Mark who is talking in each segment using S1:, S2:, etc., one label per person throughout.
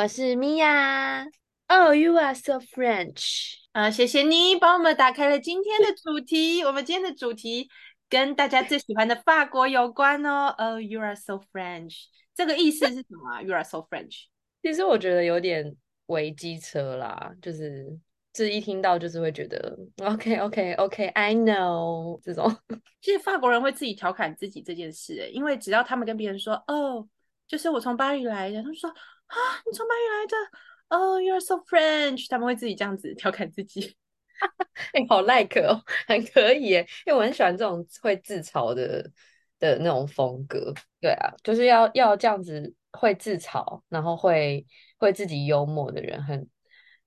S1: 我是 Miya。哦、oh, you are so French！啊、uh，謝謝你幫我們打開了今天的主題。 我們今天的主題跟大家最喜歡的法國有關哦。哦、oh, you are so French！ 這個意思是什麼、啊、？You are so French！
S2: 其實我覺得有點危機車啦，就是這一聽到就是會覺得 OK OK OK I know 這種。 其實法國人會自己調侃自己這件
S1: 事誒，因為只要他們跟別人說哦，就是我從巴黎來的，他們說。啊，你從哪裡來的？Oh, you're so French。他們會自己這樣子調侃自己，
S2: 哎， 好 like 哦，很可以耶，因為我很喜歡這種會自嘲的的那種風格。對啊，就是要要這樣子會自嘲，然後會會自己幽默的人，很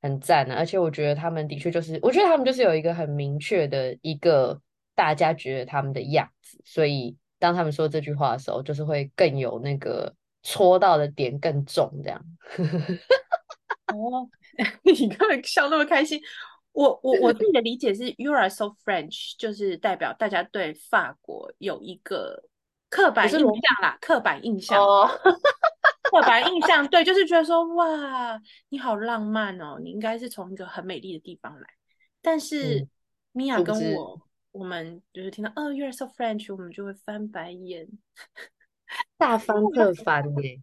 S2: 很讚啊。而且我覺得他們的確就是，我覺得他們就是有一個很明確的一個大家覺得他們的樣子，所以當他們說這句話的時候，就是會更有那個。戳到的點更重，這樣。
S1: 哦、 oh,， 你剛才笑那麼開心，我我我自己的理解是，"You are so French"， 就是代表大家對法國有一個刻板印象啦，刻板印象。Oh. 刻板印象，對，就是覺得說，哇，你好浪漫哦，你應該是從一個很美麗的地方來。但是、嗯、米婭跟我，我們就是聽到哦、oh,，"You are so French"，我們就會翻白眼。
S2: 大翻特翻嘞，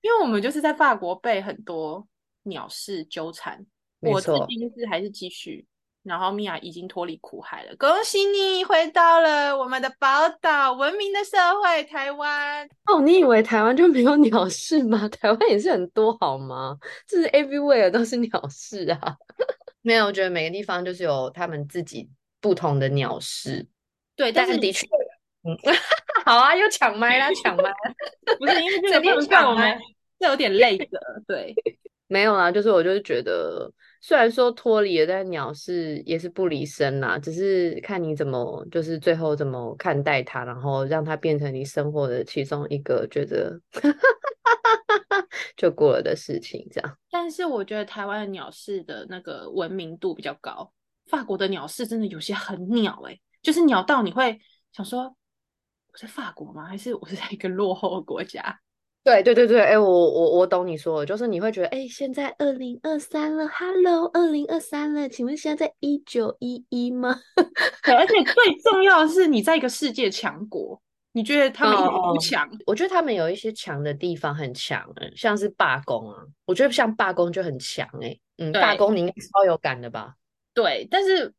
S2: 因
S1: 為我們就是在法國被很多鳥事糾纏。我自己就是還是繼續。然後米婭已
S2: 經脫離苦海了，
S1: 恭喜你回到了我們的寶島文明的社會
S2: ——台灣。哦，你以為台灣就沒有鳥事嗎？台灣也是很多，好嗎？就是 everywhere 都是鳥事啊。 沒有，我覺得每個地方就是有他們自己不同的鳥事。對，但是，但是的確，嗯。 好啊，又
S1: 搶麥啦！搶麥，不是因為這個不能怪我們這有點累的。
S2: 對， 沒有啦、啊，就是我就是覺得，雖然說脫離了，但鳥市也是不離身吶。只是看你怎麼，就是最後怎麼看待它，然後讓它變成你生活的其中一個，覺得 就過了的事情。這樣。
S1: 但是我覺得台灣的鳥市的那個文明度比較高，法國的鳥市真的有些很鳥哎、欸，就是鳥到你會想說。我是法國嗎？還
S2: 是我是在一個落後國家？對對對對，哎、欸，我我我懂你說的，就是你會覺得，哎、欸，現在二零二三了，Hello，二零二三了，請問現在在一九一一嗎？ 對，而且最重要的是，你在一個世界強國，你覺得他們強？Oh, 我覺得他們有一些強的地方很強，像是罷工啊，我覺得像罷工就很強，哎，嗯，罷工你應該超有感的吧？
S1: 對，但是。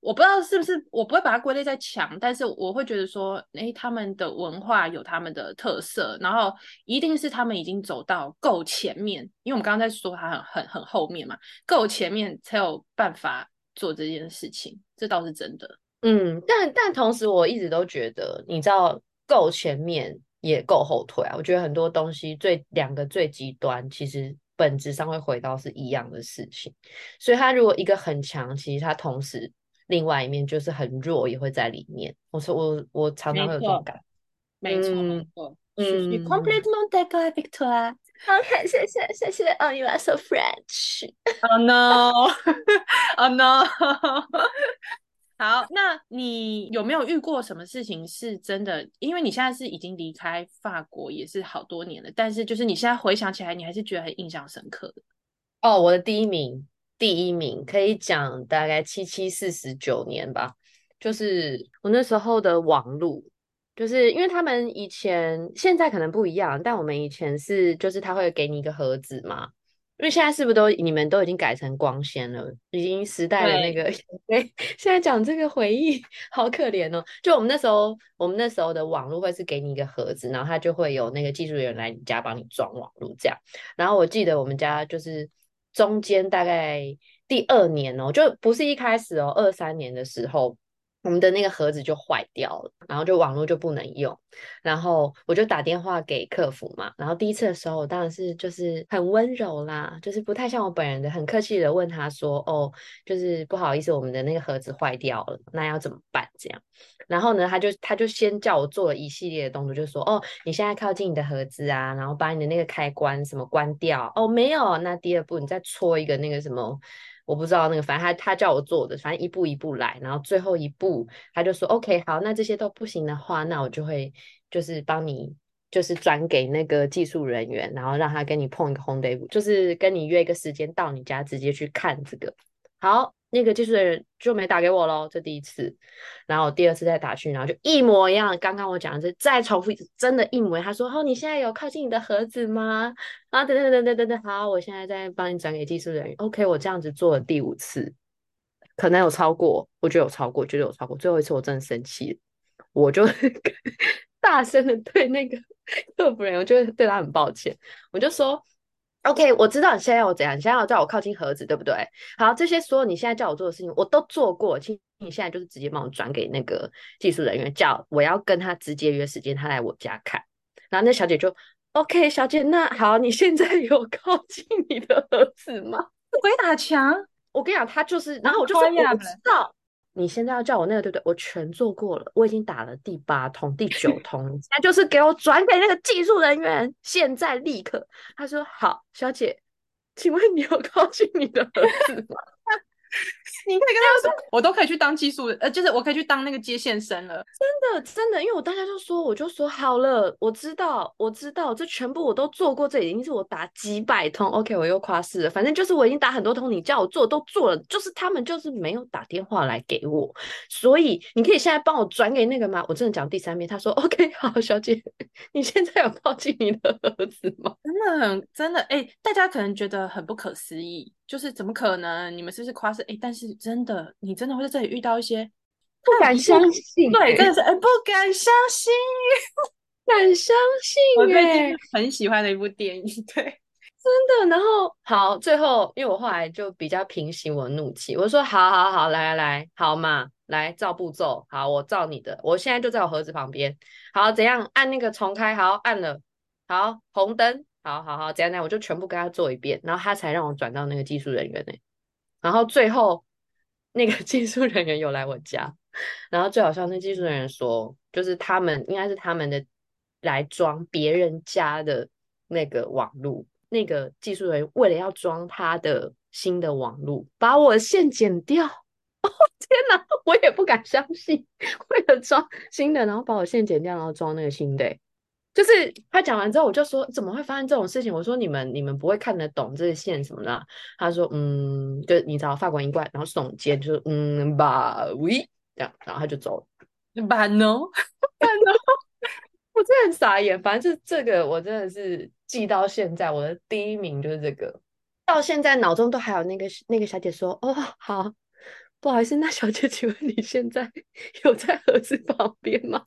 S1: 我不知道是不是，我不會把它歸類在強，但是我會覺得說，哎，他們的文化有他們的特色，然後一定是他們已經走到夠前面，因為我們剛剛在說他很很很後面嘛，夠前面才有辦法做這件事情，這倒是真的。
S2: 嗯，但但同時我一直都覺得，你知道，夠前面也夠後退啊。我覺得很多東西最，兩個最極端，其實本質上會回到是一樣的事情。所以，他如果一個很強，其實他同時。另外一面就是很弱，也會在裡面。我說我我常常會有這種感，沒
S1: 錯、嗯，沒錯。嗯 c o m p v i c t o r 啊。OK，謝謝謝謝。Oh, you are so French. Oh no, oh no. 好，那你有沒有遇過什麼事情是真的？因為你現在是已經離開法國也是好多年了，但是就是你現在回想起來，你還是覺得很印象深刻的。
S2: 哦、oh，我的第一名。第一名可以講大概七七四十九年吧，就是我那時候的網路，就是因為他們以前現在可能不一樣，但我們以前是就是他會給你一個盒子嘛。因為現在是不是都你們都已經改成光纖了，已經時代的那個，對， 現在講這個回憶好可憐哦。就我們那時候，我們那時候的網路會是給你一個盒子，然後他就會有那個技術員來你家幫你裝網路這樣。然後我記得我們家就是。中間大概第二年哦，就不是一開始哦，二三年的時候，我們的那個盒子就壞掉了，然後就網絡就不能用，然後我就打電話給客服嘛。然後第一次的時候，我當然是就是很溫柔啦，就是不太像我本人的，很客氣的問他說：“哦，就是不好意思，我們的那個盒子壞掉了，那要怎麼辦？”這樣，然後呢，他就他就先叫我做了一系列的動作，就說：“哦，你現在靠近你的盒子啊，然後把你的那個開關什麼關掉。”哦，沒有，那第二步你再戳一個那個什麼。我不知道那個，反正他他叫我做的，反正一步一步來，然後最後一步他就說，OK，好，那這些都不行的話，那我就會就是幫你就是轉給那個技術人員，然後讓他跟你碰一個 home day，就是跟你約一個時間到你家直接去看這個，好。那個技術人員就沒打給我嘍，這第一次，然後第二次再打去，然後就一模一樣。剛剛我講的是再重複一次，真的，一模一樣。他說：“哦，你現在有靠近你的盒子嗎？”啊，等等等等等等，好，我現在在幫你轉給技術人員。OK，我這樣子做了第五次，可能有超過，我覺得有超過，覺得有超過覺得有超過。最後一次我真的生氣，我就 大聲的對那個客服人員，我覺得對他很抱歉，我就說。OK，我知道你現在要我怎樣。你現在要叫我靠近盒子，對不對？好，這些所有你現在叫我做的事情，我都做過。請你現在就是直接幫我轉給那個技術人員，叫我要跟他直接約時間，他來我家看。然後那小姐就 OK，小姐，那好，你現在有靠近你的盒子嗎？鬼打牆！我跟你講，他就是，然後我就說、是、我知道。你現在要叫我那個對不對？我全做過了，我已經打了第八通、第九通，那就是給我轉給那個技術人員，現在立刻。他說：“好，小姐，請問你有靠近你的盒子嗎？” 你可以跟他說，我都可以去
S1: 當技術 呃，就是我可以去當那個接線生了。
S2: 真的，真的，因為我當下就說，我就說好了，我知道，我知道，這全部我都做過這，這已經是我打幾百通，OK，我又誇示了，反正就是我已經打很多通，你叫我做都做了，就是他們就是沒有打電話來給我，所以你可以現在幫我轉給那個嗎？我真的講第三遍，他說 OK，好，小姐，你現在有靠近你的盒子嗎？真的很，真的，哎、欸，大家可能覺得
S1: 很不可思議。就是怎麼可能？你們是不是誇是誒，但是真的，你真的會在這裡遇到一些不敢相信，相信欸、對，但是、欸、不敢相信，不敢相信哎、欸，我很喜歡的一部電影，對，
S2: 真的。然後好，最後因為我後來就比較平息我怒氣，我說好好好，來來來，好嘛，來照步驟，好，我照你的，我現在就在我盒子旁邊，好，怎樣，按那個重開，好，按了，好，紅燈。好好好，這樣呢，我就全部跟他做一遍，然後他才讓我轉到那個技術人員呢。然後最後那個技術人員又來我家，然後最好笑，那技術人員說，就是他們應該是他們的來裝別人家的那個網絡。那個技術人員為了要裝他的新的網絡，把我線剪掉。哦，天哪，我也不敢相信，為了裝新的，然後把我線剪掉，然後裝那個新的、欸。就是他講完之後，我就說怎麼會發生這種事情？我說你們你們不會看得懂這些線什麼的。他說嗯，就你找發管一怪，然後聳肩，就說嗯吧，喂，這樣，然後他就走了。班哦，班 班哦， 我真的很傻眼。反正就這個我真的是記到現在，我的第一名就是這個，到現在腦中都還有那個那個小姐說哦，好，不好意思，那小姐，請問你現在有在盒子旁邊嗎？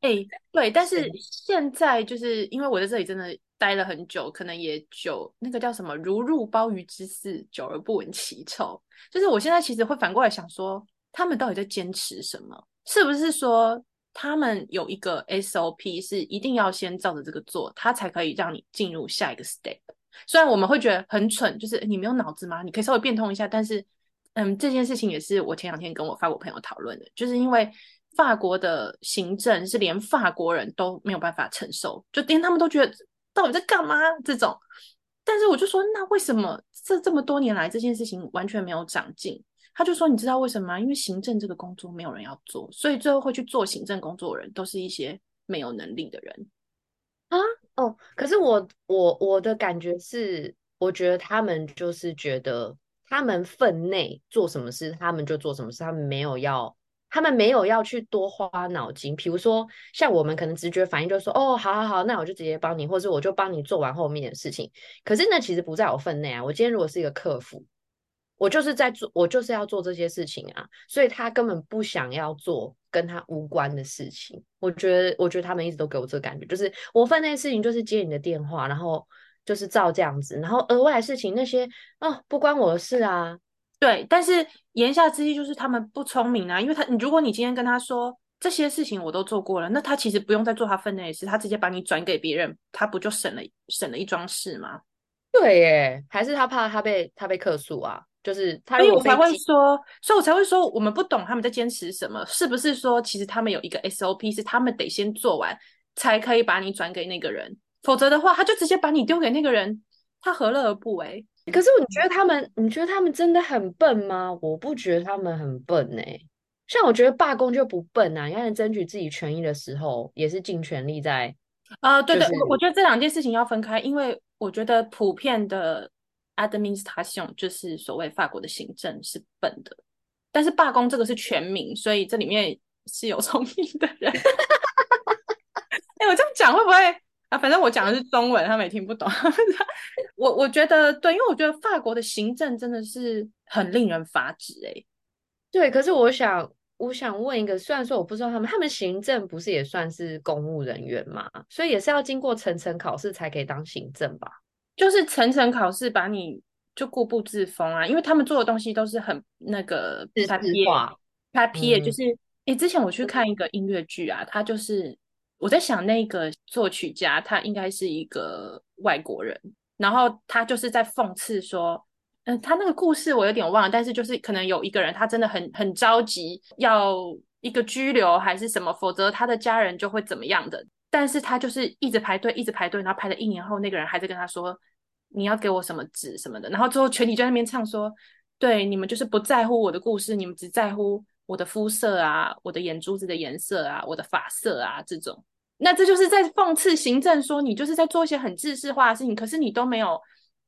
S2: 哎、欸，
S1: 對，但是現在就是因為我在這裡真的待了很久，可能也久，那個叫什麼“如入鮑魚之肆，久而不聞其臭”。就是我現在其實會反過來想說，他們到底在堅持什麼？是不是說他們有一個 SOP 是一定要先照着這個做，他才可以讓你進入下一個 step？雖然我們會覺得很蠢，就是你沒有腦子嗎？你可以稍微變通一下，但是，嗯，這件事情也是我前兩天跟我法國朋友討論的，就是因為。法國的行政是連法國人都沒有辦法承受，就連他們都覺得到底在幹嘛這種。但是我就說，那為什麼這這麼多年來這件事情完全沒有長進？他就說，你知道為什
S2: 麼嗎？因為行政這個工作沒有人要做，所
S1: 以最後會去做行政工作的人都是一些沒有能力的人
S2: 啊。哦，可是我我我的感覺是，我覺得他們就是覺得他們分內做什麼事，他們就做什麼事，他們沒有要。他們沒有要去多花腦筋，比如說像我們可能直覺反應就是說，哦，好好好，那我就直接幫你，或者是我就幫你做完後面的事情。可是那其實不在我分內啊。我今天如果是一個客服，我就是在做，我就是要做這些事情啊。所以他根本不想要做跟他無關的事情。我覺得，我覺得他們一直都給我這個感覺，就是我分內事情就是接你的電話，然後就是照這樣子，然後額外的事情那些哦，不關我的事啊。對，但是言下之意就是
S1: 他們不聰明啊，因為他，如果你今天跟他說這些事情我都做過了，那他其實不用再做他分內的事，他直接把你轉給別人，他不就省了省了一樁事嗎？
S2: 對，耶，還是他怕他被他被客訴啊？就是他所， 所以我才會說，所以我才會說，
S1: 我們不懂他們在堅持什麼？是不是說其實他們有一個 SOP 是他們得先做完才可以把你轉給那個人，否則的話他就直接把你丟給那個人，他何樂
S2: 而不為？可是，你覺得他們？你覺得他們真的很笨嗎？我不覺得他們很笨呢、欸。像我覺得罷工就不笨吶、啊，因為，爭取自己權益的時候，也是盡全力在。
S1: 啊、呃，對的、就是，我覺得這兩件事情要分開，因為我覺得普遍的 administration 就是所謂法國的行政是笨的，但是罷工這個是全民，所以這裡面是有聰明的人。哎、 欸，我這樣講會不會？啊，反正我講的是中文，他們也聽不懂。 我我覺
S2: 得對，因為我覺得法國的行政真的是很令人髮指哎、欸。對，可是我想，我想問一個，雖然說我不知道他們，他們行政不是也算是公務人員嘛，所以也是要經過層層考試才可以當行政吧？就是層層
S1: 考試把你就固步自封啊，因為他們做的東西都是很那個拍片。拍片就是，哎、欸，之前我去看一個音樂劇啊，他就是。我在想那個作曲家，他應該是一個外國人，然後他就是在諷刺說，嗯，他那個故事我有點忘了，但是就是可能有一個人，他真的很很着急要一個居留還是什麼，否則他的家人就會怎麼樣的，但是他就是一直排隊，一直排隊，然後排了一年後，那個人還在跟他說，你要給我什麼紙什麼的，然後最後全體就在那邊唱說，對，你們就是不在乎我的故事，你們只在乎我的膚色啊，我的眼珠子的顏色啊，我的髮色啊這種。那這就是在諷刺行政，說你就是在做一些很制式化的事情，可是你都沒有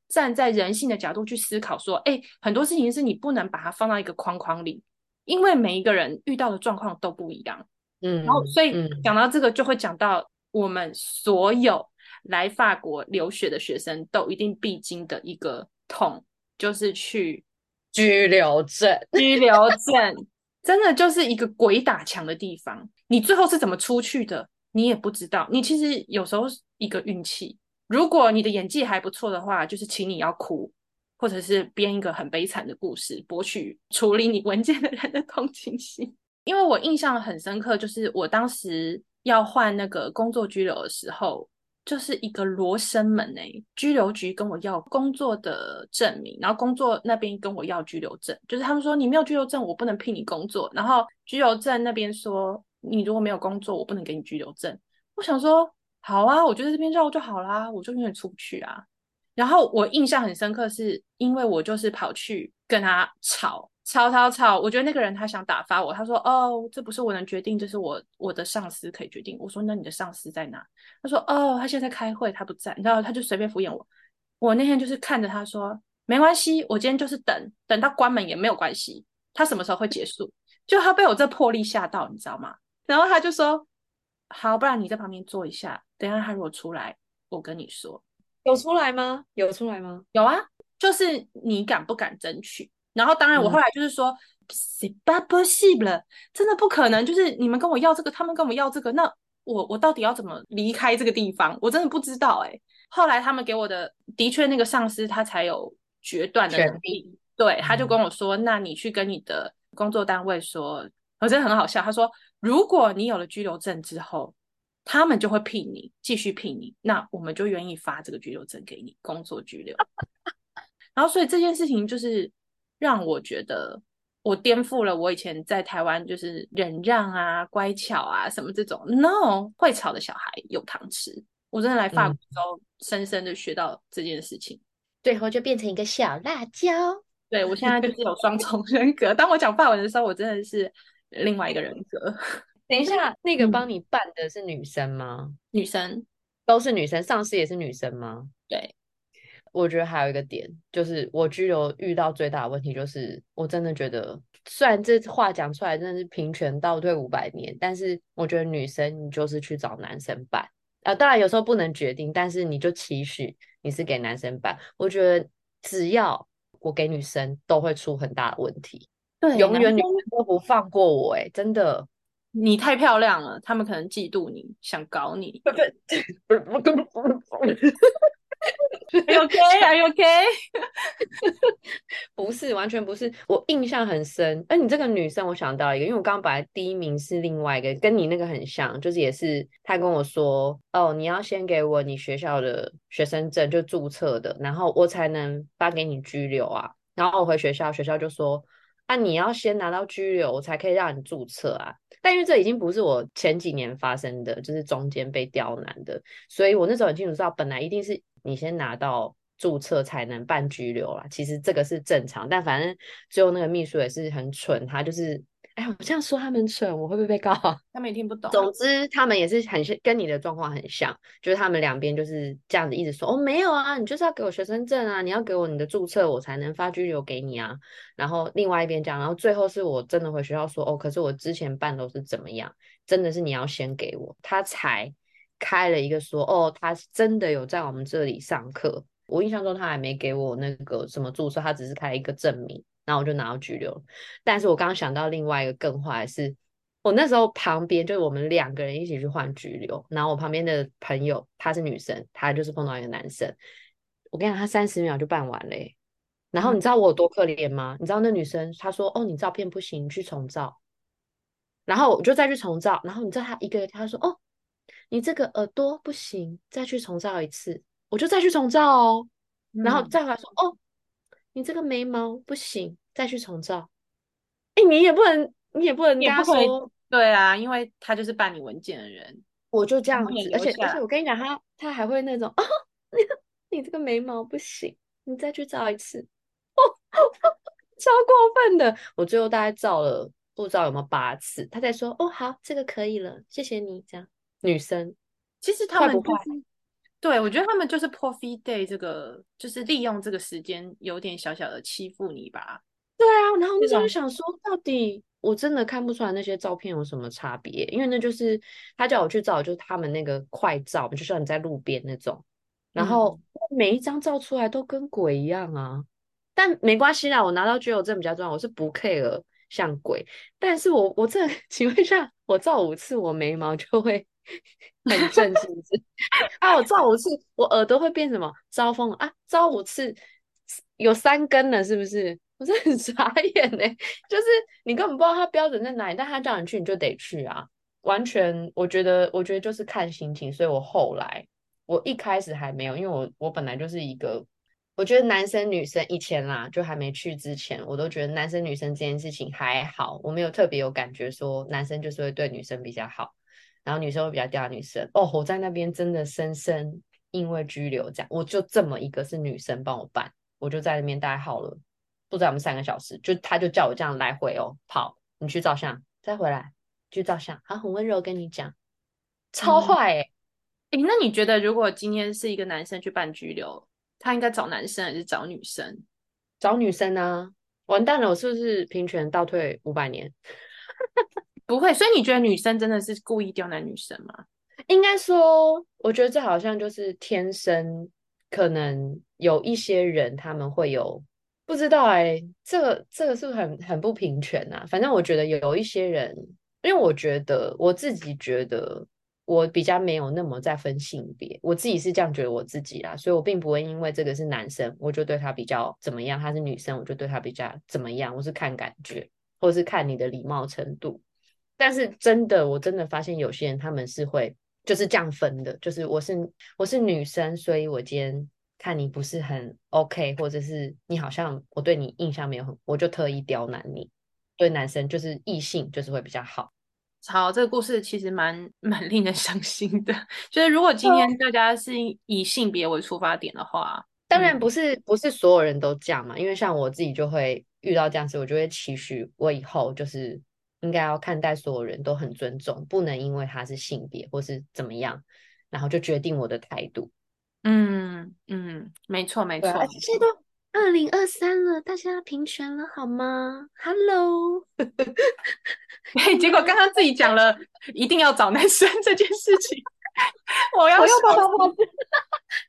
S1: 站在人性的角度去思考，說，哎、欸，很多事情是你不能把它放到一個框框裡，因為每一個人遇到的狀況都不一樣。嗯，然後所以講到這個，就會講到我們所有來法國留學的學生都一定必經的一個痛，就是去居留證，居留證 真的就是一個鬼打牆的地方，你最後是怎麼出去的？你也不知道，你其實有時候一個運氣。如果你的演技還不錯的話，就是請你要哭，或者是編一個很悲慘的故事，博取處理你文件的人的同情心。 因為我印象很深刻，就是我當時要換那個工作居留的時候，就是一個羅生門誒，居留局跟我要工作的證明，然後工作那邊跟我要居留證，就是他們說，你沒有居留證，我不能聘你工作。然後居留證那邊說。你如果沒有工作，我不能給你居留證。我想說，好啊，我覺得這邊繞就好啦，我就永遠出不去啊。然後我印象很深刻是，是因為我就是跑去跟他吵，吵，吵，吵。我覺得那個人他想打發我，他說：“哦，這不是我能決定，這是我我的上司可以決定。”我說：“那你的上司在哪？”他說：“哦，他現在在開會，他不在，然後他就隨便敷衍我。”我那天就是看着他說：“沒關係，我今天就是等，等到關門也沒有關係，他什麼時候會結束？”就他被我這魄力嚇到，你知道嗎？然後他就說：“好，不然你在旁邊坐一下，等下他如果出來，我跟你說。”有出來嗎？有出來嗎？有啊，就是你敢不敢爭取？然後當然，我後來就是說：“不不了，真的不可能，就是你們跟我要這個，他們跟我要這個，那我我到底要怎麼離開這個地方？我真的不知道。”哎，後來他們給我的的確那個上司他才有決斷的能力，對，他就跟我說、嗯：“那你去跟你的工作單位說。”我真的很好笑，他說。如果你有了居留證之後，他們就會聘你，繼續聘你，那我們就願意發這個居留證給你，工作居留。 然後，所以這件事情就是讓我覺得，我顛覆了我以前在台灣就是忍讓啊、乖巧啊什麼這種。No，會吵的小孩有糖吃。我真的來法國之後，深深的學到這件事情。嗯、對，
S2: 然後就變成一個小辣椒。對，我現在就是有雙重人格。 當我講法文的時候，我真的是。另外一個人格，等一下，那個幫你辦的是女生嗎？嗯、女生，都是女生。上司也是女生嗎？對，我覺得還有一個點，就是我居留遇到最大的問題，就是我真的覺得，雖然這話講出來真的是平權倒退五百年，但是我覺得女生你就是去找男生辦。啊、呃，當然有時候不能決定，但是你就期許你是給男生辦。我覺得只要我給女生都會出很大的問題，對，永遠女。
S1: 都不放過我，哎、欸，真的，你太漂亮了，他們可能嫉妒你，想搞
S2: 你。 OK？OK？、Okay? Are okay? 不是，完全不是。我印象很深。哎、欸，你這個女生，我想到一個，因為我剛剛本來第一名是另外一個，跟你那個很像，就是也是他跟我說，哦，你要先給我你學校的學生證，就註冊的，然後我才能發給你居留啊。然後我回學校，學校就說。那、啊、你要先拿到居留，我才可以讓你註冊啊。但因為這已經不是我前幾年發生的，就是中間被刁難的，所以我那時候很清楚知道，本來一定是你先拿到註冊才能辦居留啦。其實這個是正常，但反正最後那個秘書也是很蠢，他就是。哎，我這樣說他們蠢，我會不會被告？他們也聽不懂。總之，他們也是很跟你的狀況很像，就是他們兩邊就是這樣子一直說哦，沒有啊，你就是要給我學生證啊，你要給我你的註冊，我才能發居留給你啊。然後另外一邊講，然後最後是我真的回學校說哦，可是我之前辦的都是怎麼樣，真的是你要先給我，他才開了一個說哦，他真的有在我們這裡上課。我印象中他還沒給我那個什麼註冊，他只是開一個證明。然後我就拿到拘留，但是我剛剛想到另外一個更壞的是，我那時候旁邊就是我們兩個人一起去換拘留，然後我旁邊的朋友她是女生，她就是碰到一個男生，我跟你講，她三十秒就辦完了、欸。然後你知道我有多可憐嗎？嗯、你知道那女生她說哦，你照片不行，去重照。然後我就再去重照，然後你知道他一個人他說哦，你這個耳朵不行，再去重照一次，我就再去重照哦，然後再來說、嗯、哦。你這個眉毛不行，再去重照！哎，你也不能，你也不能瞎說
S1: 也不。對啊，因為他就是辦理文件的人。
S2: 我就這樣子，而且而且我跟你講，他他還會那種啊、哦，你你這個眉毛不行，你再去照一次。哦，超過分的，我最後大概照了不知道有沒有八次，他在說哦好，這個可以了，謝謝你。這樣，女生
S1: 其實他們不。對，我覺得他們就是 Profit Day 這個，就是利用這個時間有點小小的欺負你吧。
S2: 對啊，然後我就想說，到底我真的看不出來那些照片有什麼差別，因為那就是他叫我去照，就是他們那個快照，就像你在路邊那種，然後每一張照出來都跟鬼一樣啊。嗯、但沒關係啦，我拿到居留證比較重要，我是不 care 像鬼。但是我我這，請問一下，我照五次，我眉毛就會。很正是不是？ 啊，我照五次，我耳朵會變什麼？招風啊，招五次有三根了，是不是？我是很傻眼呢、欸。就是你根本不知道他標準在哪裡，但他叫你去，你就得去啊。完全，我覺得，我覺得就是看心情。所以我後來，我一開始還沒有，因為我我本來就是一個，我覺得男生女生以前啦，就還沒去之前，我都覺得男生女生這件事情還好，我沒有特別有感覺說男生就是會對女生比較好。然後女生會比較屌，女生哦，我在那邊真的深深因為居留，這樣我就這麼一個是女生幫我辦，我就在那邊待好了，不知道我們三個小時，就他就叫我這樣來回哦跑，你去照相，再回來去照相，他、啊、很溫柔跟你講，
S1: 超壞、欸，哎、嗯，那你覺得如果今天是一個男生去辦居留，他應該找男生還是
S2: 找女生？找女生啊，完蛋了，我是不是平權倒退五百年？ 不會，所以你覺得女生真的是故意刁難女生嗎？應該說，我覺得這好像就是天生，可能有一些人他們會有不知道哎、欸，這個這個是不是很很不平權啊？反正我覺得有一些人，因為我覺得我自己覺得我比較沒有那麼在分性別，我自己是這樣覺得我自己啦，所以我並不會因為這個是男生，我就對他比較怎麼樣；他是女生，我就對他比較怎麼樣。我是看感覺，或是看你的禮貌程度。但是真的，我真的發現有些人他們是會就是這樣分的，就是我是我是女生，所以我今天看你不是很 OK，或者是你好像我對你印象沒有很，我就特意刁難你。對男生就是異性就是會比較好。
S1: 好，這個故事其實蠻蠻令人傷心的，就是如果今天大家是以性別為出發點的話，嗯、
S2: 當然不是不是所有人都這樣嘛，因為像我自己就會遇到這樣子，我就會期許我以後就是。應該要看待所有人都很尊重，不能因為他是性別或是怎麼樣，然後就決定我的態度。嗯嗯，沒錯沒錯。現在都二零二三了，大家平權了好嗎？Hello，
S1: 結果剛剛自己講了一定要找男生這件事情，
S2: 我要我要要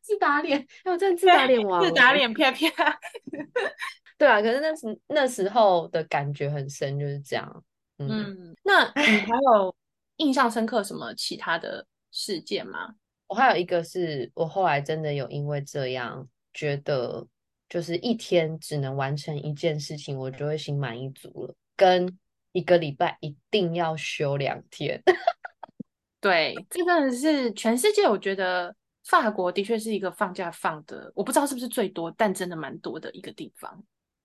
S2: 自打臉，要、哎、真自打臉我自打臉啪啪。 對啊，可是那時那時候的感覺很深，就是這樣。嗯， 嗯，那你還有印象深刻什麼其他的事件嗎？我還有一個是我後來真的有因為這樣覺得，就是一天只能完成一件事情，我就會心滿意足了，跟一個禮拜一定要休兩天，
S1: 對，這個是全世界，我覺得法國的確是一個放假放的，我不知道是不是最多，但真的蠻多的一個地方。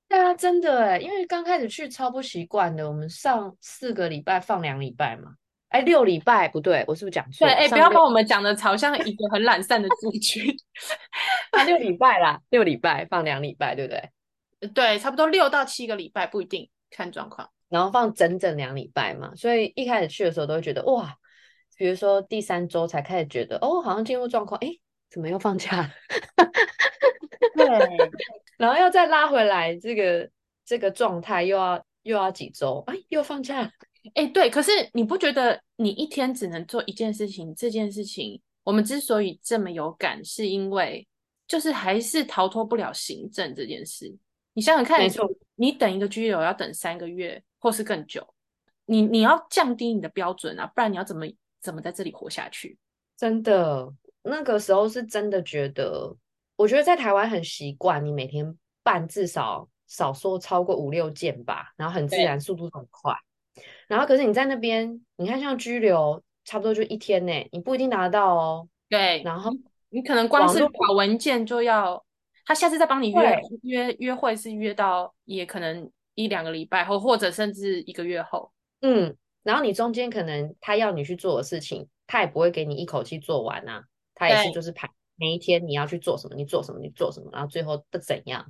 S2: 對啊，真的哎，因為剛開始去超不習慣的。我們上四個禮拜放兩禮拜嘛，哎，六禮拜不對，我是不是講錯？對，哎，不要把我們講
S1: 得好像一個很懶散的族群。
S2: 啊，六禮拜啦，六禮拜放兩
S1: 禮拜，對不對？對，差不多六到七個禮拜，不一定看狀況。
S2: 然後放整整兩禮拜嘛，所以一開始去的時候都會覺得哇，比如說第三周才開始覺得哦，好像進入狀況，哎，怎麼又放假了？ 對。然後要再拉回來，這個這個狀態又要又要幾週啊、哎？又放假？哎、欸，對。可是你不覺得你一天只能做一件事情？這件事情
S1: 我們之所以這麼有感，是因為就是還是逃脫不了行政這件事。你想想看，你等一個居留要等三個月或是更久，你你要降低你的標準啊，不然你要怎麼怎麼在這裡活下去？
S2: 真的，那個時候是真的覺得。我覺得在台灣很習慣，你每天辦至少少說超過五六件吧，然後很自然，速度很快。然後可是你在那邊，你看像居留，差不多就一天呢，你不一定拿得到哦。對。然後你可能光是
S1: 跑文件就要，他下次再幫你約約約會是約到也可能一兩個禮拜後，或者甚至一個月後。
S2: 嗯。然後你中間可能他要你去做的事情，他也不會給你一口氣做完啊，他也是就是排。每一天你要去做什麼？你做什麼？你做什麼？什麼然後最後都怎樣？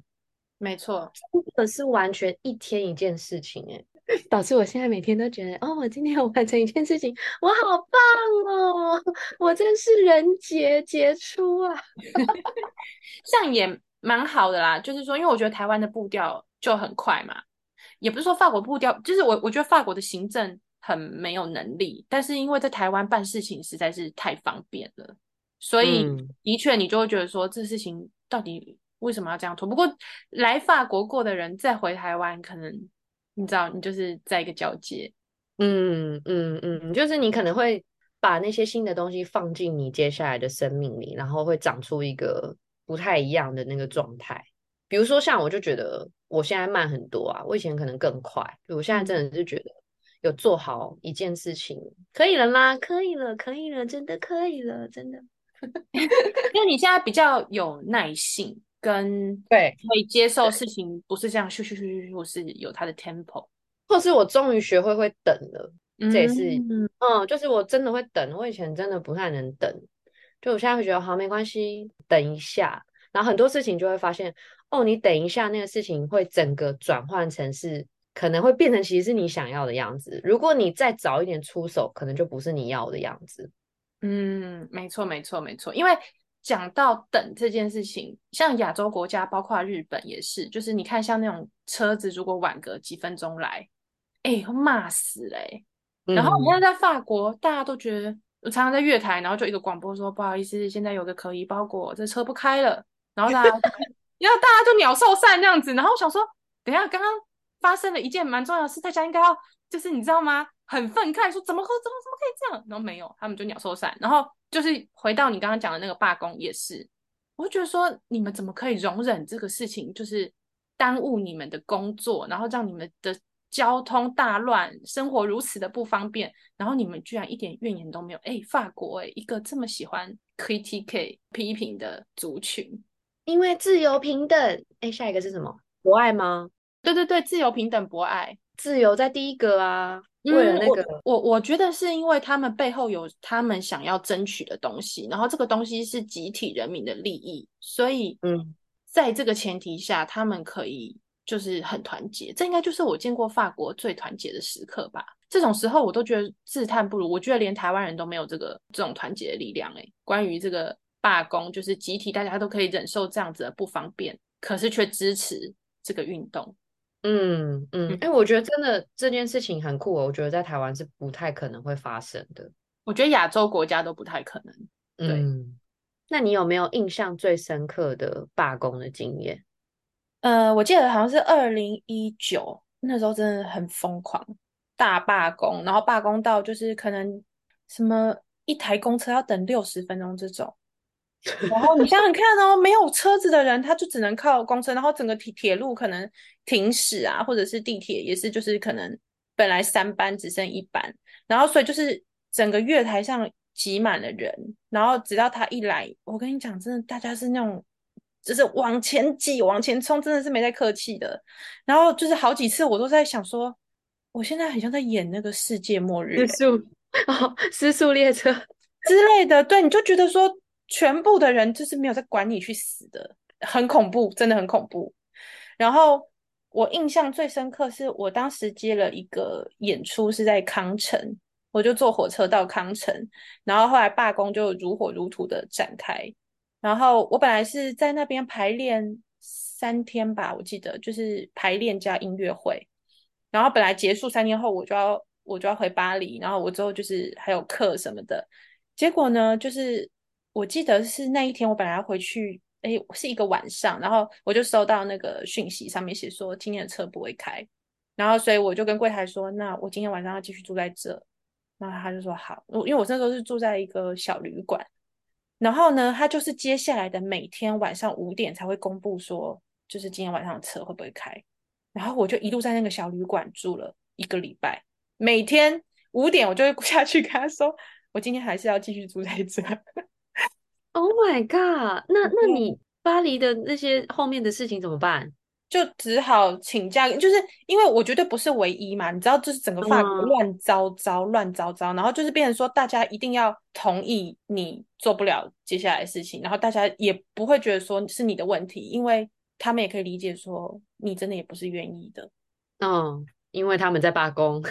S2: 沒錯，或是完全一天一件事情、欸，哎，導致我現在每天都覺得，哦，我今天要完成一件事情，我好棒哦，我真是人傑傑出啊！
S1: 這樣也蠻好的啦。就是說，因為我覺得台灣的步調就很快嘛，也不是說法國步調，就是我我覺得法國的行政很沒有能力，但是因為在台灣辦事情實在是太方便了。所以的確，你就會覺得說，這事情到底為什麼要這樣做？嗯、不過來法國過的人再回台灣，可能你知道，你就是在一個交
S2: 界。嗯嗯嗯，就是你可能會把那些新的東西放進你接下來的生命裡，然後會長出一個不太一樣的那個狀態。比如說，像我就覺得我現在慢很多啊，我以前可能更快，我現在真的是覺得有做好一件事情可以了嗎？可以了，可以了，真的可以了，真的。 因為你現在比較有耐性，跟對，可以接受事情不是這樣，咻咻咻咻咻，我是有它的 tempo，或是我終於學會會等了，嗯、這也是嗯，就是我真的會等。我以前真的不太能等，就我現在會覺得好沒關係，等一下，然後很多事情就會發現，哦，你等一下那個事情會整個轉換成是可能會變成其實是你想要的樣子。如果你再早一點出手，可能就不是你要的樣子。
S1: 嗯，沒錯，沒錯，沒錯。因為講到等這件事情，像亞洲國家，包括日本也是，就是你看，像那種車子，如果晚隔幾分鐘來，哎、欸，會罵死嘞、嗯。然後你看在法國，大家都覺得，我常常在月台，然後就一個廣播說，不好意思，現在有個可疑包裹，這車不開了。然後大家， 然後大家然後大家就鳥獸散這樣子。然後我想說，等一下，剛剛。發生了一件蠻重要的事，大家應該要就是你知道嗎？很憤慨，說怎麼可怎麼怎麼可以這樣？然後沒有，他們就鳥獸散。然後就是回到你剛剛講的那個罷工，也是，我就覺得說你們怎麼可以容忍這個事情？就是耽誤你們的工作，然後讓你們的交通大亂，生活如此的不方便，然後你們居然一點怨言都沒有。哎，法國哎，一個這麼喜歡 critique 批評的族群，
S2: 因為自由平等。哎，下一個是什麼？博愛嗎？對對對，自由、平等、博愛，自由在第一個啊。因、
S1: 嗯、為了那個，我我覺得是因為他們背後有他們想要爭取的東西，然後這個東西是集體人民的利益，所以嗯，在這個前提下，他們可以就是很團結、嗯。這應該就是我見過法國最團結的時刻吧。這種時候我都覺得自嘆不如，我覺得連台灣人都沒有這個這種團結的力量哎、欸。關於這個罷工，就是集體大家都可以忍受這樣子的不方便，可是卻支持這個運動。
S2: 嗯嗯，哎、嗯欸，我覺得真的、嗯、這件事情很酷哦。我覺得在台灣是不太可能會發生的。
S1: 我覺得亞洲國家都不太可能。嗯、
S2: 對，那你有沒有印象最深刻的罷工的經驗？
S1: 呃，我記得好像是二零一九，那時候真的很瘋狂，大罷工，然後罷工到就是可能什麼一台公車要等六十分鐘這種。 然後你想想看哦，沒有車子的人，他就只能靠公車。然後整個鐵鐵路可能停駛啊，或者是地鐵也是，就是可能本來三班只剩一班。然後所以就是整個月台上擠滿了人。然後直到他一來，我跟你講，真的大家是那種，就是往前擠、往前衝，真的是沒在客氣的。然後就是好幾次我都在想說，我現在好像在演那個世界末日，失速哦，失速列車之類的。對，你就覺得說。全部的人就是沒有在管你去死的，很恐怖，真的很恐怖。然後我印象最深刻是我當時接了一個演出，是在康城，我就坐火車到康城，然後後來罷工就如火如荼的展開。然後我本來是在那邊排練三天吧，我記得就是排練加音樂會。然後本來結束三天後我就要我就要回巴黎，然後我之後就是還有課什麼的。結果呢，就是。我記得是那一天，我本來要回去，哎，是一個晚上，然後我就收到那個訊息，上面寫說今天的車不會開，然後所以我就跟櫃檯說，那我今天晚上要繼續住在這，那他就說好，因為我那時候是住在一個小旅館，然後呢，他就是接下來的每天晚上五點才會公布說，就是今天晚上的車會不會開，然後我就一路在那個小旅館住了一個禮拜，每天五點我就會下去跟他說，我今天還是要繼續住在這。Oh my god！那那你巴黎的那些後面的事情怎麼辦？就只好請假，就是因為我絕對不是唯一嘛。你知道，就是整個法國亂糟糟、oh. 亂糟糟，然後就是變成說大家一定要同意你做不了接下來的事情，然後大家也不會覺得說是你的問題，因為他們也可以理解說你真的也不是願意的。
S2: 嗯、oh，因為他們在罷工。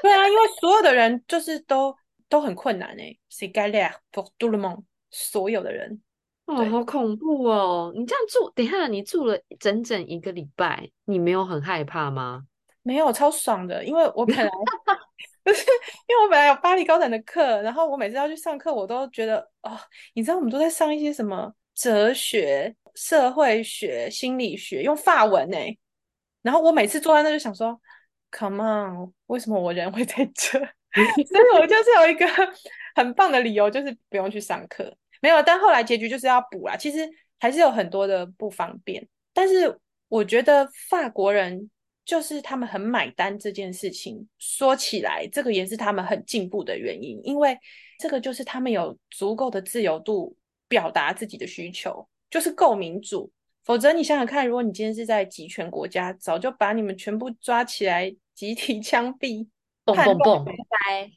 S1: 對啊，因為所有的人就是都都很困難哎。C'est galère pour tout le monde. 所有的人
S2: 哦，好恐怖哦！你這樣住，等一下你住了整整一個禮拜，你沒有很害怕嗎？沒有，超爽的，因為我本來不、 就
S1: 是因為我本來有巴黎高等的課，然後我每次要去上課，我都覺得哦，你知道我們都在上一些什麼哲學、社會學、心理學，用法文哎，然後我每次坐在那就想說 ，Come on，為什麼我人會在這？ 所以我就是有一個很棒的理由，就是不用去上課。沒有，但後來結局就是要補啦、啊。其實還是有很多的不方便，但是我覺得法國人就是他們很買單這件事情。說起來，這個也是他們很進步的原因，因為這個就是他們有足夠的自由度表達自己的需求，就是夠民主。否則你想想看，如果你今天是在集權國家，早就把你們全部抓起來集體槍斃，蹦蹦蹦叛亂。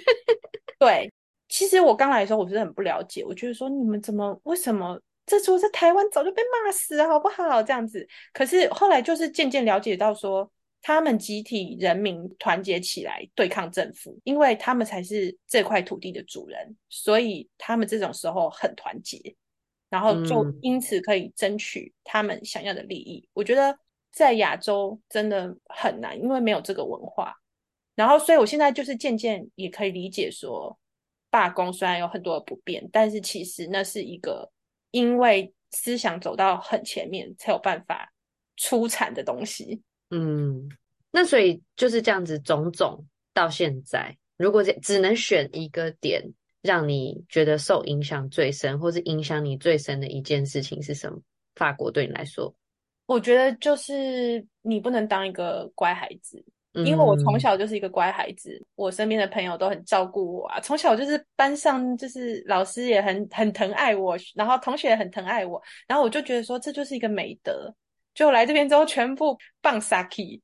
S1: 對。其實我剛來的時候我是很不了解，我覺得說你們怎麼為什麼，這時候在台灣早就被罵死了好不好？這樣子。可是後來就是漸漸了解到說，他們集體人民團結起來對抗政府，因為他們才是這塊土地的主人，所以他們這種時候很團結，然後就因此可以爭取他們想要的利益。嗯、我覺得在亞洲真的很難，因為沒有這個文化。然後，所以我現在就是漸漸也可以理解說。罷工雖然有很多的不便，但是其實那是一個因為思想走到很前面才有辦法
S2: 出產的東西。嗯，那所以就是這樣子，種種到現在，如果只能選一個點讓你覺得受影響最深，或是影響你最深的一件事情是什麼？法國對你來說，
S1: 我覺得就是你不能當一個乖孩子。因為我從小就是一個乖孩子，嗯、我身邊的朋友都很照顧我，啊，從小就是班上就是老師也很很疼愛我，然後同學也很疼愛我，然後我就覺得說這就是一個美德，就來這邊之後全部棒沙 key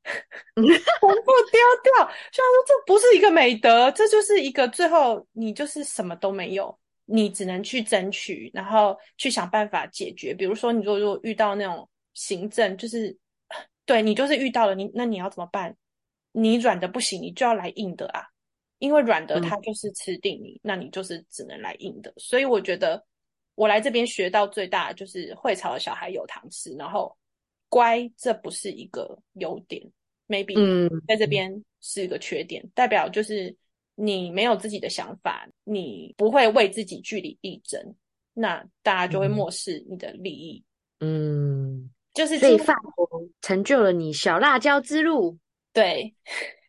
S1: 全部丟掉，雖然說這不是一個美德，這就是一個最後你就是什麼都沒有，你只能去爭取，然後去想辦法解決，比如說你如果遇到那種行政，就是對你就是遇到了你，那你要怎麼辦？你軟的不行，你就要來硬的啊！因為軟的他就是吃定你，嗯，那你就是只能來硬的。所以我覺得，我來這邊學到最大就是會吵的小孩有糖吃，然後乖，這不是一個優點，maybe，嗯、在這邊是一個缺點，代表就是你沒有自己的想法，你不會為自己據理力爭，那大家就會漠視你的利益。
S2: 嗯，就是這一、個、所以法國成就了你小辣椒之路。對，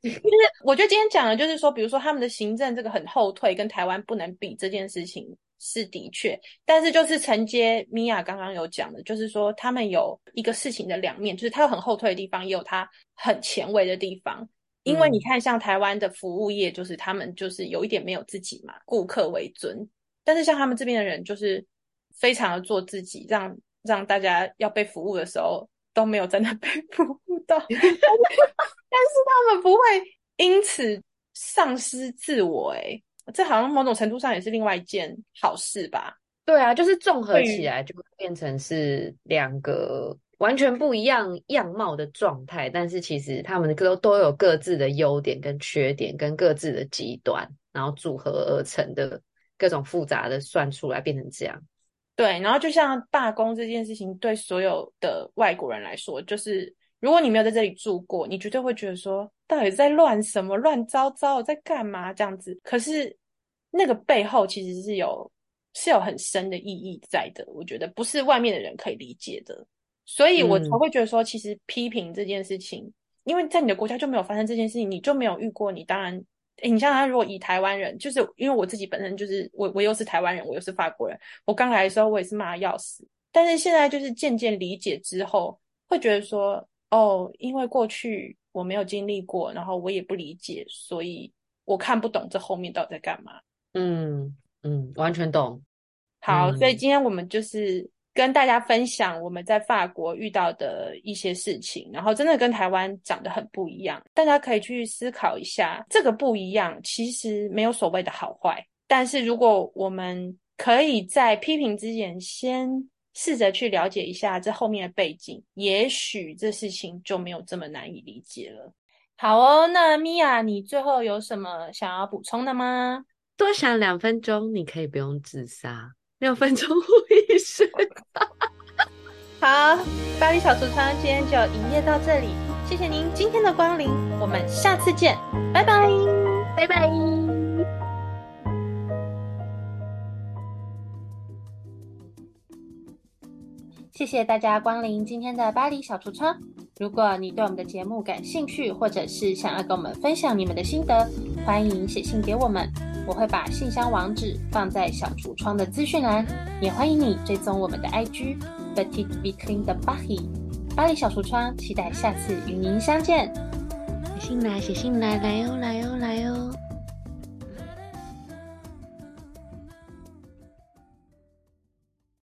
S2: 就是我
S1: 覺得今天講的，就是說，比如說他們的行政這個很後退，跟台灣不能比這件事情是的確。但是就是承接 Miya 剛剛有講的，就是說他們有一個事情的兩面，就是他有很後退的地方，也有他很前衛的地方。因為你看，像台灣的服務業，就是他們就是有一點沒有自己嘛，顧客為尊。但是像他們這邊的人，就是非常的做自己，讓讓大家要被服務的時候。都沒有真的被捕到，但是他們不會因此喪失自我。欸，哎，這好像某種程度上也是另外一件好事
S2: 吧？對啊，就是綜合起來就會變成是兩個完全不一樣樣貌的狀態。嗯，但是其實他們都都有各自的優點跟缺點跟各自的極端，然後組合而成的各種複雜的算出來變成這樣。
S1: 對，然後就像罷工這件事情，對所有的外國人來說，就是如果你沒有在這裡住過，你絕對會覺得說，到底在亂什麼，亂糟糟，在幹嘛這樣子。可是那個背後其實是有，是有很深的意義在的，我覺得不是外面的人可以理解的。所以我才會覺得說，其實批評這件事情，嗯，因為在你的國家就沒有發生這件事情，你就沒有遇過你，你當然。欸、你像他，如果以台灣人，就是因為我自己本身就是我，我又是台灣人，我又是法國人，我剛來的時候我也是罵的要死，但是現在就是漸漸理解之後，會覺得說，哦，因為過去我沒有經歷過，然後我也不理解，所以我看不懂這後面到底在幹嘛。
S2: 嗯嗯，完全懂。好、嗯，所以今
S1: 天我們就是。跟大家分享我們在法國遇到的一些事情，然後真的跟台灣長得很不一樣。大家可以去思考一下，這個不一樣其實沒有所謂的好壞。但是如果我們可以在批評之前，先試着去了解一下這後面的背景，也許這事情就沒有這麼難以理解了。好哦，那 Miya，你最
S2: 後有什麼想要補充的嗎？多想兩分鐘，你可以不用自殺。六分鐘不一聲，好！巴黎小櫥
S1: 窗今天就營業到這裡，謝謝您今天的光臨，我們下次見，拜拜，拜拜！謝謝大家光臨今天的巴黎小櫥窗。如果你對我們的節目感興趣，或者是想要跟我們分享你們的心得，歡迎寫信給我們，我會把信箱網址放在小櫥窗的資訊欄。也歡迎你追蹤我們的 IG，Butt It Between The b a h y 巴
S2: 黎小櫥窗，期待下次與您相見。寫信啦、啊！寫信啦、啊！來喲、哦，來喲、哦，來喲、哦。